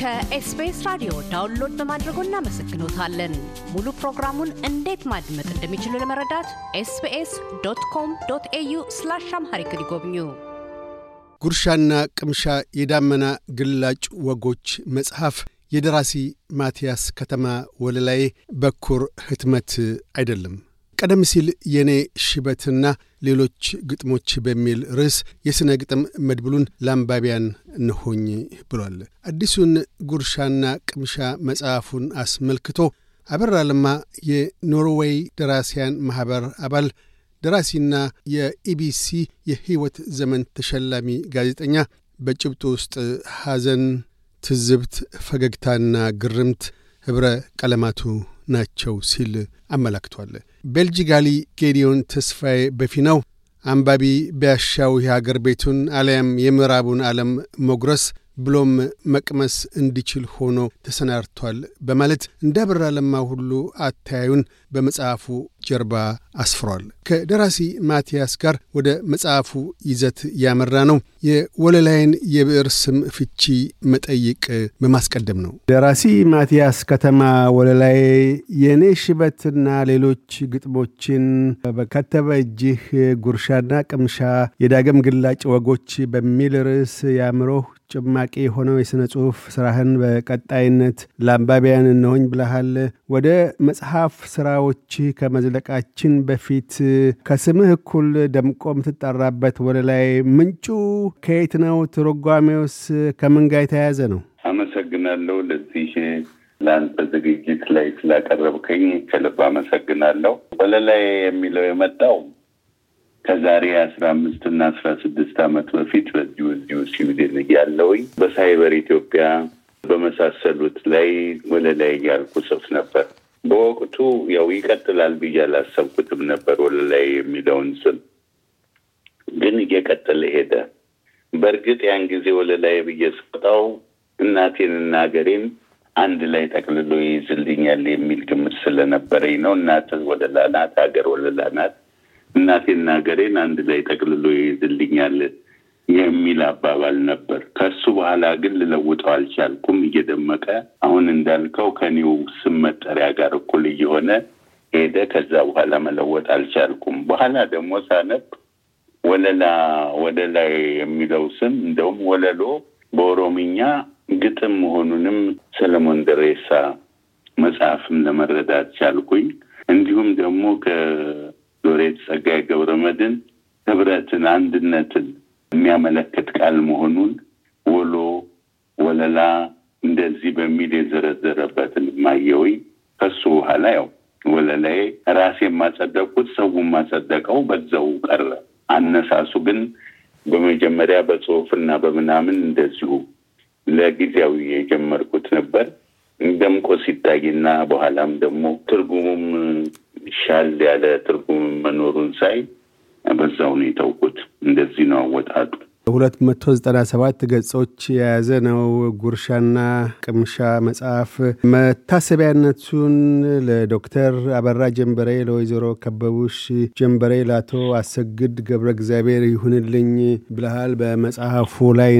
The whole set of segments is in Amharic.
ከኤስቢኤስ ራዲዮ ዳውንሎድ በማድረጎ እናመሰግኖታለን። ሙሉ ፕሮግራሙን እንዴት ማድመጥ እንደሚችሉ ለመረዳት ኤስቢኤስ ዶት ኮም ዶት ኤዩ ስላሽ አምሃሪክ ይጎብኙ። ጉርሻና ቅምሻ የዳመና ግላጭ ወጎች መጽሐፍ የደራሲ ማቲያስ ከተማ ወለላይ በኩር ህትመት አይደለም። ቀደም ሲል የኔ ሽበትና ሌሎች ግጥሞች በሚል ርዕስ የሥነ ግጥም መድብሉን ለአንባቢያን እንሆኝ ብሏል። አዲሱን ጉርሻና ቅምሻ መጽሐፉን አስመልክቶ አበራ ለማ የኖርዌይ ደራሲያን ማኅበር አባል ደራሲና የኢቢሲ የሕይወት ዘመን ተሸላሚ ጋዜጠኛ በጭብጡ ውስጥ ሐዘን፣ ትዝብት፣ ፈገግታና ግርምት ኅብረ ቀለማቱ ናቸው ሲል አመላክቷል። ቤልጂጋሊ ጌዲዮን ተስፋዬ በፊ ነው። አንባቢ ቢያሻው የሀገር ቤቱን አሊያም የምዕራቡን ዓለም ሞጉረስ ብሎም መቅመስ እንዲችል ሆኖ ተሰናድቷል በማለት እንደ አበራ ለማ ሁሉ አተያዩን በመጽሐፉ ጀርባ አስፍሯል። ከደራሲ ማቲያስ ጋር ወደ መጽሐፉ ይዘት ያመራ ነው የወለላይን የብዕር ስም ፍቺ መጠይቅ በማስቀደም ነው። ደራሲ ማቲያስ ከተማ ወለላይ የእኔ ሽበትና ሌሎች ግጥሞችን በከተበ እጅህ ጉርሻና ቅምሻ የዳግም ግላጭ ወጎች በሚል ርዕስ ያምሮህ ጭማቂ የሆነው የሥነ ጽሑፍ ስራህን በቀጣይነት ለአንባቢያን እነሆኝ ብለሃል። ወደ መጽሐፍ ስራ ተራራዎች ከመዝለቃችን በፊት ከስምህ እኩል ደምቆ የምትጠራበት ወደ ላይ ምንጩ ከየት ነው? ትርጓሜውስ ከምን ጋር የተያያዘ ነው? አመሰግናለሁ። ለዚህ ለአንተ ዝግጅት ላይ ስላቀረብከኝ ከልብ አመሰግናለሁ። ወለላይ የሚለው የመጣው ከዛሬ አስራ አምስት እና አስራ ስድስት ዓመት በፊት በዚሁ እዚሁ ስዊድን እያለሁኝ በሳይበር ኢትዮጵያ በመሳሰሉት ላይ ወለላይ እያልኩ ጽፍ ነበር። በወቅቱ ያው ይቀጥላል ብዬ አላሰብኩትም ነበር ወለላይ የሚለውን ስም ግን እየቀጠለ ሄደ። በእርግጥ ያን ጊዜ ወለላይ ብዬ ስወጣው እናቴንና ሀገሬን አንድ ላይ ጠቅልሎ ይይዝልኛል የሚል ግምት ስለነበረኝ ነው። እናት ወለላ ናት፣ ሀገር ወለላ ናት። እናቴና ሀገሬን አንድ ላይ ጠቅልሎ ይይዝልኛል የሚል አባባል ነበር። ከሱ በኋላ ግን ልለውጠው አልቻልኩም። እየደመቀ አሁን እንዳልከው ከኒው ስም መጠሪያ ጋር እኩል እየሆነ ሄደ። ከዛ በኋላ መለወጥ አልቻልኩም። በኋላ ደግሞ ሳነብ ወለላ ወደ ላይ የሚለው ስም እንደውም ወለሎ በኦሮምኛ ግጥም መሆኑንም ሰለሞን ደሬሳ መጽሐፍም ለመረዳት ቻልኩኝ። እንዲሁም ደግሞ ከሎሬት ጸጋዬ ገብረ መድን ህብረትን፣ አንድነትን የሚያመለክት ቃል መሆኑን ወሎ፣ ወለላ እንደዚህ በሚል የዘረዘረበትን ማየዊ ከሱ በኋላ ያው ወለላዬ ራሴ የማጸደቁት ሰው የማጸደቀው በዛው ቀረ። አነሳሱ ግን በመጀመሪያ በጽሁፍና በምናምን እንደዚሁ ለጊዜያዊ የጀመርኩት ነበር። ደምቆ ሲታይና በኋላም ደግሞ ትርጉሙም ሻል ያለ ትርጉም መኖሩን ሳይ በዛው ነው ውቁት እንደዚህ ነው አወጣጡ። ሁለት መቶ ዘጠና ሰባት ገጾች የያዘ ነው። ጉርሻና ቅምሻ መጽሐፍ መታሰቢያነቱን ለዶክተር አበራ ጀንበሬ፣ ለወይዘሮ ከበቡሽ ጀንበሬ፣ ለአቶ አሰግድ ገብረ እግዚአብሔር ይሁንልኝ ብልሃል በመጽሐፉ ላይ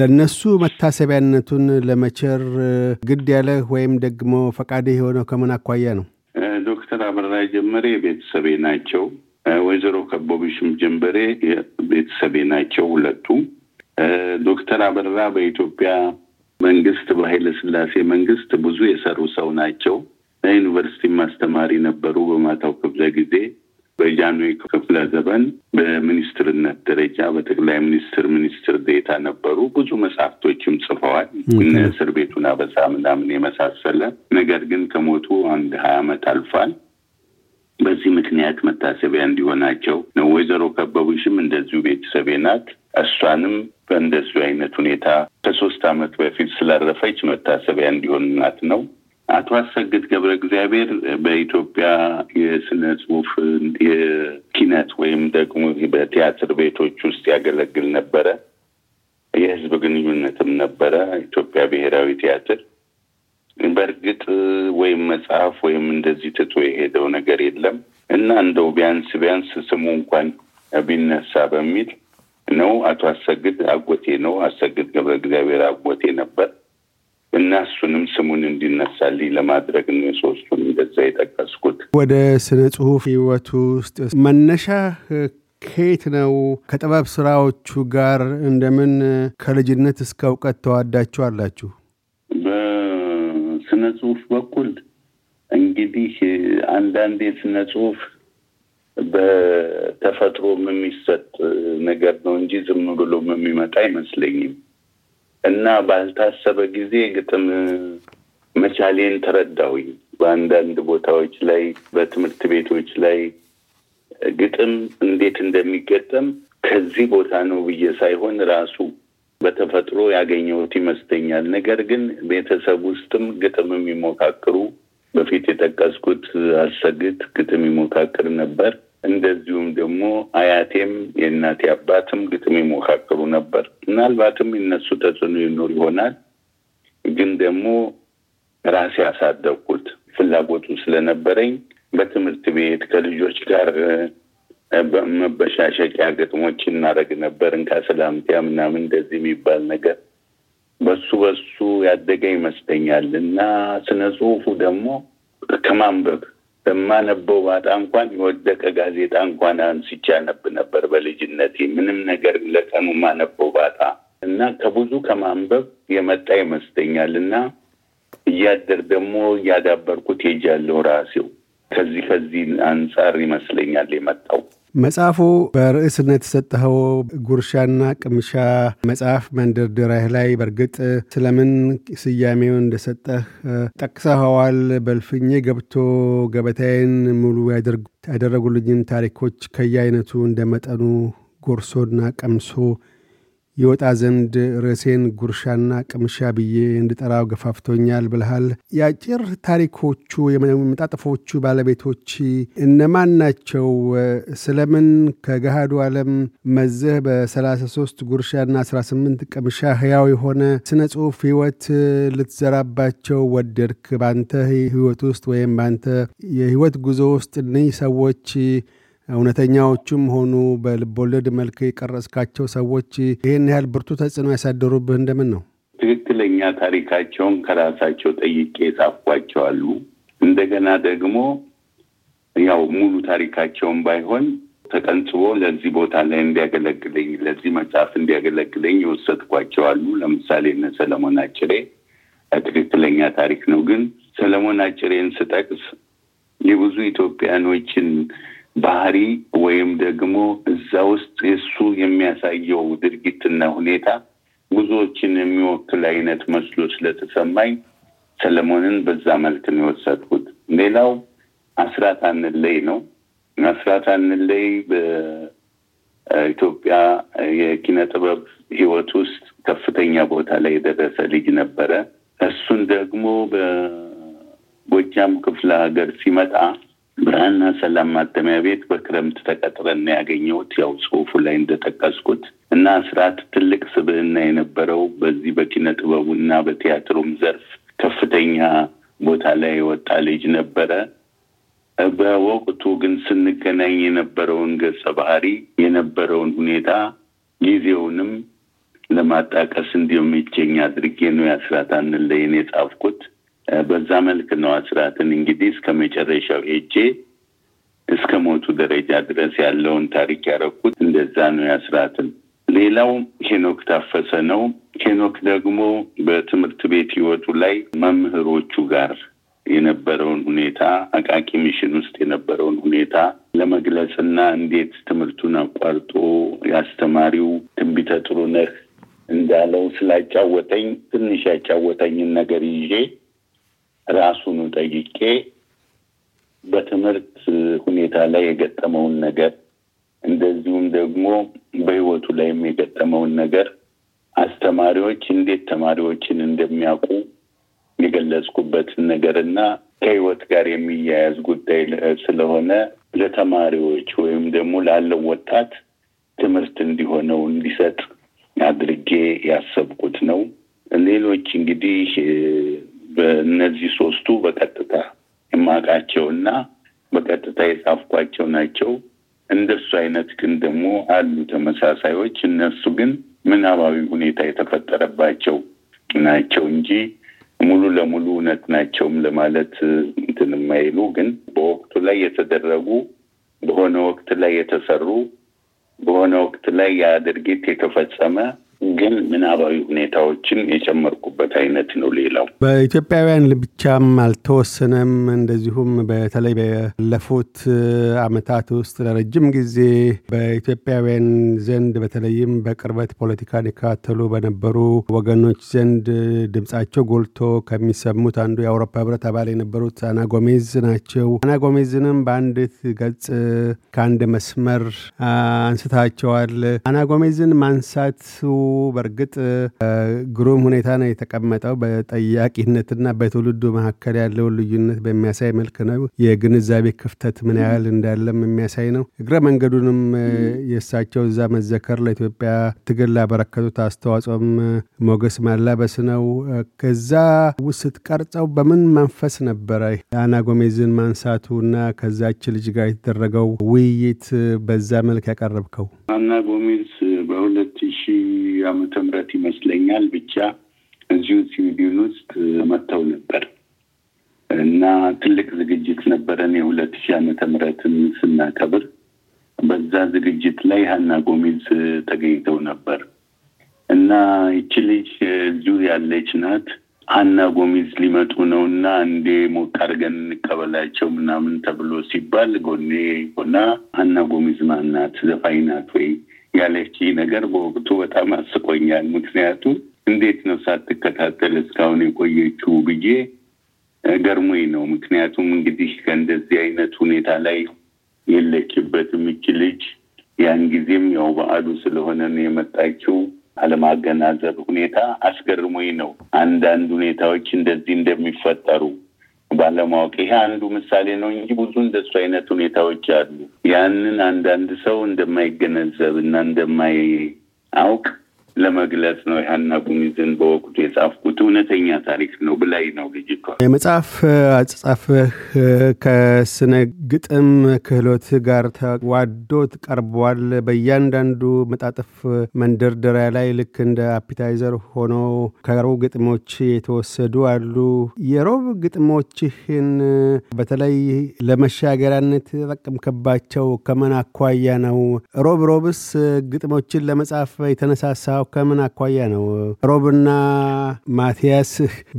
ለነሱ መታሰቢያነቱን ለመቸር ግድ ያለህ ወይም ደግሞ ፈቃድህ የሆነው ከምን አኳያ ነው? ዶክተር አበራ ጀንበሬ ቤተሰቤ ናቸው። ወይዘሮ ከቦቢሽም ጀንበሬ ቤተሰቤ ናቸው ሁለቱ። ዶክተር አበራ በኢትዮጵያ መንግስት በኃይለ ስላሴ መንግስት ብዙ የሰሩ ሰው ናቸው። ዩኒቨርሲቲ ማስተማሪ ነበሩ። በማታው ክፍለ ጊዜ በጃንዌ ክፍለ ዘመን በሚኒስትርነት ደረጃ በጠቅላይ ሚኒስትር ሚኒስትር ዴታ ነበሩ። ብዙ መጽሐፍቶችም ጽፈዋል። እስር ቤቱን አበሳ ምናምን የመሳሰለ ነገር ግን ከሞቱ አንድ ሀያ ዓመት አልፏል። በዚህ ምክንያት መታሰቢያ እንዲሆናቸው ነው። ወይዘሮ ከበቡሽም እንደዚሁ ቤተሰቤ ናት። እሷንም በእንደዚሁ አይነት ሁኔታ ከሶስት አመት በፊት ስላረፈች መታሰቢያ እንዲሆንናት ነው። አቶ አሰግድ ገብረ እግዚአብሔር በኢትዮጵያ የስነ ጽሁፍ የኪነት ወይም ደግሞ በቲያትር ቤቶች ውስጥ ያገለግል ነበረ። የህዝብ ግንኙነትም ነበረ ኢትዮጵያ ብሔራዊ ቲያትር በእርግጥ ወይም መጽሐፍ ወይም እንደዚህ ትቶ የሄደው ነገር የለም እና እንደው ቢያንስ ቢያንስ ስሙ እንኳን ቢነሳ በሚል ነው። አቶ አሰግድ አጎቴ ነው። አሰግድ ገብረ እግዚአብሔር አጎቴ ነበር እና እሱንም ስሙን እንዲነሳልኝ ለማድረግ ነው የሶስቱን እንደዛ የጠቀስኩት። ወደ ስነ ጽሁፍ ህይወቱ ውስጥ መነሻ ከየት ነው? ከጥበብ ስራዎቹ ጋር እንደምን ከልጅነት እስከ እውቀት ተዋዳችሁ አላችሁ? ጽሁፍ በኩል እንግዲህ አንዳንድ የስነ ጽሁፍ በተፈጥሮም የሚሰጥ ነገር ነው እንጂ ዝም ብሎም የሚመጣ አይመስለኝም እና ባልታሰበ ጊዜ ግጥም መቻሌን ተረዳውኝ። በአንዳንድ ቦታዎች ላይ በትምህርት ቤቶች ላይ ግጥም እንዴት እንደሚገጠም ከዚህ ቦታ ነው ብዬ ሳይሆን ራሱ በተፈጥሮ ያገኘሁት ይመስለኛል። ነገር ግን ቤተሰብ ውስጥም ግጥም የሚሞካክሩ በፊት የጠቀስኩት አሰግድ ግጥም ይሞካክር ነበር። እንደዚሁም ደግሞ አያቴም የእናቴ አባትም ግጥም ይሞካክሩ ነበር። ምናልባትም የነሱ ተጽዕኖ ይኖር ይሆናል። ግን ደግሞ ራሴ ያሳደግኩት ፍላጎቱ ስለነበረኝ በትምህርት ቤት ከልጆች ጋር መበሻሸቂያ ግጥሞች እናደረግ ነበር። እንካ ሰላምቲያ ምናምን እንደዚህ የሚባል ነገር በሱ በሱ ያደገ ይመስለኛል። እና ስነ ጽሁፉ ደግሞ ከማንበብ በማነበው ባጣ እንኳን የወደቀ ጋዜጣ እንኳን አንስቼ አነብ ነበር በልጅነቴ። ምንም ነገር ለቀኑ ማነበው ባጣ እና ከብዙ ከማንበብ የመጣ ይመስለኛል። እና እያደር ደግሞ እያዳበርኩት ሄጃለሁ ራሴው ከዚህ ከዚህ አንጻር ይመስለኛል የመጣው። መጽሐፉ በርዕስነት የተሰጠኸው ጉርሻና ቅምሻ መጽሐፍ መንደርደሪያ ላይ በእርግጥ ስለምን ስያሜውን እንደሰጠህ ጠቅሰኸዋል። በልፍኜ ገብቶ ገበታዬን ሙሉ ያደረጉልኝን ታሪኮች ከየአይነቱ እንደ መጠኑ ጎርሶና ቀምሶ ይወጣ ዘንድ ርዕሴን ጉርሻና ቅምሻ ብዬ እንድጠራው ገፋፍቶኛል ብልሃል። የአጭር ታሪኮቹ የመጣጥፎቹ ባለቤቶች እነማን ናቸው? ስለምን ከገሃዱ ዓለም መዝህ በ33 ጉርሻና 18 ቅምሻ ሕያው የሆነ ስነ ጽሑፍ ሕይወት ልትዘራባቸው ወደድክ? ባንተ ሕይወት ውስጥ ወይም ባንተ የሕይወት ጉዞ ውስጥ እነህ ሰዎች እውነተኛዎቹም ሆኑ በልቦለድ መልክ የቀረጽካቸው ሰዎች ይህን ያህል ብርቱ ተጽዕኖ ያሳደሩብህ እንደምን ነው? ትክክለኛ ታሪካቸውን ከራሳቸው ጠይቄ የጻፍኳቸው አሉ። እንደገና ደግሞ ያው ሙሉ ታሪካቸውን ባይሆን ተቀንጽቦ ለዚህ ቦታ ላይ እንዲያገለግለኝ ለዚህ መጽሐፍ እንዲያገለግለኝ የወሰድኳቸው አሉ። ለምሳሌ እነ ሰለሞን አጭሬ ትክክለኛ ታሪክ ነው። ግን ሰለሞን አጭሬን ስጠቅስ የብዙ ኢትዮጵያኖችን ባህሪ ወይም ደግሞ እዛ ውስጥ የሱ የሚያሳየው ድርጊትና ሁኔታ ብዙዎችን የሚወክል አይነት መስሎ ስለተሰማኝ ሰለሞንን በዛ መልክ ነው የወሰድኩት። ሌላው አስራት አንለይ ነው። አስራት አንለይ በኢትዮጵያ የኪነ ጥበብ ህይወት ውስጥ ከፍተኛ ቦታ ላይ የደረሰ ልጅ ነበረ። እሱን ደግሞ በጎጃም ክፍለ ሀገር ሲመጣ ብርሃንና ሰላም ማተሚያ ቤት በክረምት ተቀጥረን ያገኘሁት ያው ጽሁፉ ላይ እንደጠቀስኩት እና ስርዓት ትልቅ ስብዕና የነበረው በዚህ በኪነ ጥበቡና በቲያትሩም ዘርፍ ከፍተኛ ቦታ ላይ የወጣ ልጅ ነበረ። በወቅቱ ግን ስንገናኝ የነበረውን ገጸ ባህሪ የነበረውን ሁኔታ ጊዜውንም ለማጣቀስ ይቸኝ አድርጌ ነው ያስራታንን ለይን የጻፍኩት። በዛ መልክ ነው አስራትን እንግዲህ እስከ መጨረሻው ሄጄ እስከ ሞቱ ደረጃ ድረስ ያለውን ታሪክ ያረኩት እንደዛ ነው ያስራትን። ሌላው ሄኖክ ታፈሰ ነው። ሄኖክ ደግሞ በትምህርት ቤት ህይወቱ ላይ መምህሮቹ ጋር የነበረውን ሁኔታ አቃቂ ሚሽን ውስጥ የነበረውን ሁኔታ ለመግለጽና እንዴት ትምህርቱን አቋርጦ ያስተማሪው ትንቢተ ጥሩነህ እንዳለው ስላጫወተኝ ትንሽ ያጫወተኝን ነገር ይዤ ራሱኑ ጠይቄ በትምህርት ሁኔታ ላይ የገጠመውን ነገር እንደዚሁም ደግሞ በህይወቱ ላይም የገጠመውን ነገር አስተማሪዎች እንዴት ተማሪዎችን እንደሚያውቁ የገለጽኩበትን ነገር እና ከህይወት ጋር የሚያያዝ ጉዳይ ስለሆነ ለተማሪዎች ወይም ደግሞ ላለው ወጣት ትምህርት እንዲሆነው እንዲሰጥ አድርጌ ያሰብኩት ነው። ሌሎች እንግዲህ በእነዚህ ሶስቱ በቀጥታ እና በቀጥታ የጻፍኳቸው ናቸው። እንደሱ አይነት ግን ደግሞ አሉ ተመሳሳዮች። እነሱ ግን ምናባዊ ሁኔታ የተፈጠረባቸው ናቸው እንጂ ሙሉ ለሙሉ እውነት ናቸውም ለማለት እንትን የማይሉ ግን በወቅቱ ላይ የተደረጉ በሆነ ወቅት ላይ የተሰሩ በሆነ ወቅት ላይ ያ ድርጊት የተፈጸመ ግን ምናባዊ ሁኔታዎችን የጨመርኩበት አይነት ነው። ሌላው በኢትዮጵያውያን ብቻም አልተወሰነም። እንደዚሁም በተለይ ባለፉት አመታት ውስጥ ለረጅም ጊዜ በኢትዮጵያውያን ዘንድ በተለይም በቅርበት ፖለቲካን ይከታተሉ በነበሩ ወገኖች ዘንድ ድምጻቸው ጎልቶ ከሚሰሙት አንዱ የአውሮፓ ህብረት አባል የነበሩት አና ጎሜዝ ናቸው። አና ጎሜዝንም በአንድ ገጽ ከአንድ መስመር አንስታቸዋል። አና ጎሜዝን ማንሳቱ በእርግጥ ግሩም ሁኔታ ነው የተቀመጠው። በጠያቂነትና በትውልዱ መካከል ያለውን ልዩነት በሚያሳይ መልክ ነው። የግንዛቤ ክፍተት ምን ያህል እንዳለም የሚያሳይ ነው። እግረ መንገዱንም የእሳቸው እዛ መዘከር ለኢትዮጵያ ትግል ላበረከቱት አስተዋጽኦም ሞገስ ማላበስ ነው። ከዛ ውስጥ ስትቀርጸው በምን መንፈስ ነበረ የአና ጎሜዝን ማንሳቱ እና ከዛች ልጅ ጋር የተደረገው ውይይት በዛ መልክ ያቀረብከው? አና ጎሜዝ በሁለት ሺህ ዓመተ ምህረት ይመስለኛል ብቻ እዚሁ ስዊድን ውስጥ መጥተው ነበር እና ትልቅ ዝግጅት ነበረን የሁለት ሺህ ዓመተ ምህረትን ስናከብር በዛ ዝግጅት ላይ ሀና ጎሚዝ ተገኝተው ነበር እና ይቺ ልጅ እዚሁ ያለች ናት። ሀና ጎሚዝ ሊመጡ ነው እና እንዴ ሞቅ አድርገን እንቀበላቸው ምናምን ተብሎ ሲባል ጎኔ ሆና ሀና ጎሚዝ ማናት ዘፋኝ ናት ወይ ያለች ነገር በወቅቱ በጣም አስቆኛል። ምክንያቱም እንዴት ነው ሳትከታተል እስካሁን የቆየችው ብዬ ገርሞኝ ነው። ምክንያቱም እንግዲህ ከእንደዚህ አይነት ሁኔታ ላይ የለችበት ምች ልጅ። ያን ጊዜም ያው በዓሉ ስለሆነ ነው የመጣችው። አለማገናዘብ ሁኔታ አስገርሞኝ ነው አንዳንድ ሁኔታዎች እንደዚህ እንደሚፈጠሩ ባለማወቅ ይሄ አንዱ ምሳሌ ነው እንጂ ብዙ እንደሱ አይነት ሁኔታዎች አሉ። ያንን አንዳንድ ሰው እንደማይገነዘብ እና አውቅ ለመግለጽ ነው ያና ጉሚዝን በወቅቱ የጻፍኩት እውነተኛ ታሪክ ነው ብላይ ነው ልጅቷ። የመጽሐፍ አጻጻፍህ ከስነ ግጥም ክህሎት ጋር ተዋዶ ቀርቧል። በእያንዳንዱ መጣጥፍ መንደርደሪያ ላይ ልክ እንደ አፒታይዘር ሆኖ ከሮብ ግጥሞች የተወሰዱ አሉ። የሮብ ግጥሞችህን በተለይ ለመሻገሪያነት የተጠቀምክባቸው ከምን አኳያ ነው? ሮብ ሮብስ ግጥሞችን ለመጻፍ የተነሳሳ ከምን አኳያ ነው ሮብና ማቲያስ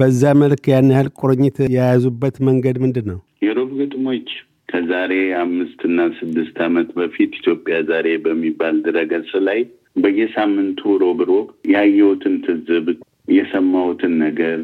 በዛ መልክ ያን ያህል ቁርኝት የያዙበት መንገድ ምንድን ነው? የሮብ ግጥሞች ከዛሬ አምስትና ስድስት ዓመት በፊት ኢትዮጵያ ዛሬ በሚባል ድረገጽ ላይ በየሳምንቱ ሮብ ሮብ ያየሁትን ትዝብት የሰማሁትን ነገር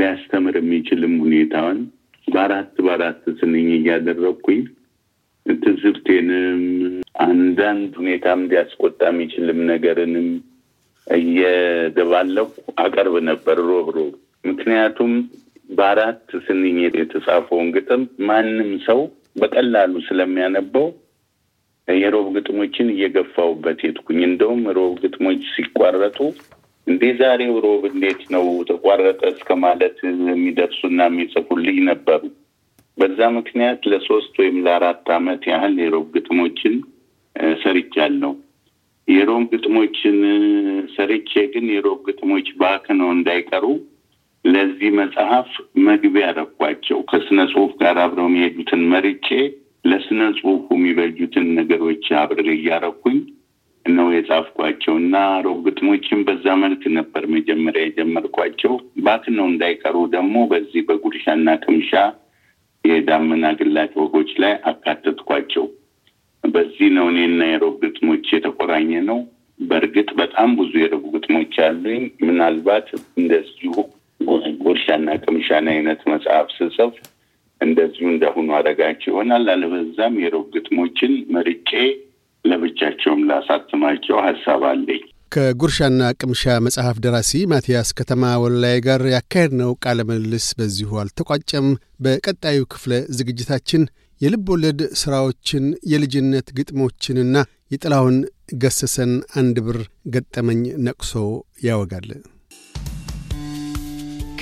ሊያስተምር የሚችልም ሁኔታውን በአራት በአራት ስንኝ እያደረግኩኝ ትዝብቴንም አንዳንድ ሁኔታም ሊያስቆጣ የሚችልም ነገርንም እየደባለቁ አቀርብ ነበር ሮብ ሮብ። ምክንያቱም በአራት ስንኝ የተጻፈውን ግጥም ማንም ሰው በቀላሉ ስለሚያነበው የሮብ ግጥሞችን እየገፋውበት የትኩኝ። እንደውም ሮብ ግጥሞች ሲቋረጡ እንዴ ዛሬው ሮብ እንዴት ነው ተቋረጠ እስከ ማለት የሚደርሱና የሚጽፉልኝ ነበሩ። በዛ ምክንያት ለሶስት ወይም ለአራት አመት ያህል የሮብ ግጥሞችን ሰርቻለሁ። የሮም ግጥሞችን ሰርቼ ግን የሮም ግጥሞች ባክ ነው እንዳይቀሩ ለዚህ መጽሐፍ መግቢያ ያደረኳቸው ከስነ ጽሁፍ ጋር አብረው የሚሄዱትን መርጬ ለስነ ጽሁፉ የሚበጁትን ነገሮች አብሬ እያረኩኝ ነው የጻፍኳቸው እና ሮብ ግጥሞችን በዛ መልክ ነበር መጀመሪያ የጀመርኳቸው። ባክነው እንዳይቀሩ ደግሞ በዚህ በጉርሻና ቅምሻ የዳመና ግላጭ ወጎች ላይ አካተትኳቸው። በዚህ ነው እኔና የሮብ ግጥሞች የተቆራኘ ነው። በእርግጥ በጣም ብዙ የሮብ ግጥሞች አሉኝ። ምናልባት እንደዚሁ ጎርሻና ቅምሻን አይነት መጽሐፍ ስጽፍ እንደዚሁ እንደሆኑ አደርጋቸው ይሆናል። አለበዛም የሮብ ግጥሞችን መርጬ ለብቻቸውም ላሳትማቸው ሀሳብ አለኝ። ከጉርሻና ቅምሻ መጽሐፍ ደራሲ ማቲያስ ከተማ ወላይ ጋር ያካሄድነው ቃለ ምልልስ በዚሁ አልተቋጨም። በቀጣዩ ክፍለ ዝግጅታችን የልብ ወለድ ሥራዎችን የልጅነት ግጥሞችንና የጥላውን ገሰሰን አንድ ብር ገጠመኝ ነቅሶ ያወጋል።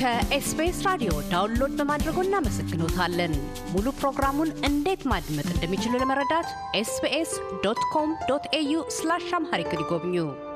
ከኤስቢኤስ ራዲዮ ዳውንሎድ በማድረጎ እናመሰግኖታለን። ሙሉ ፕሮግራሙን እንዴት ማድመጥ እንደሚችሉ ለመረዳት ኤስቢኤስ ዶት ኮም ዶት ኤዩ ስላሽ አምሃሪክ ይጎብኙ።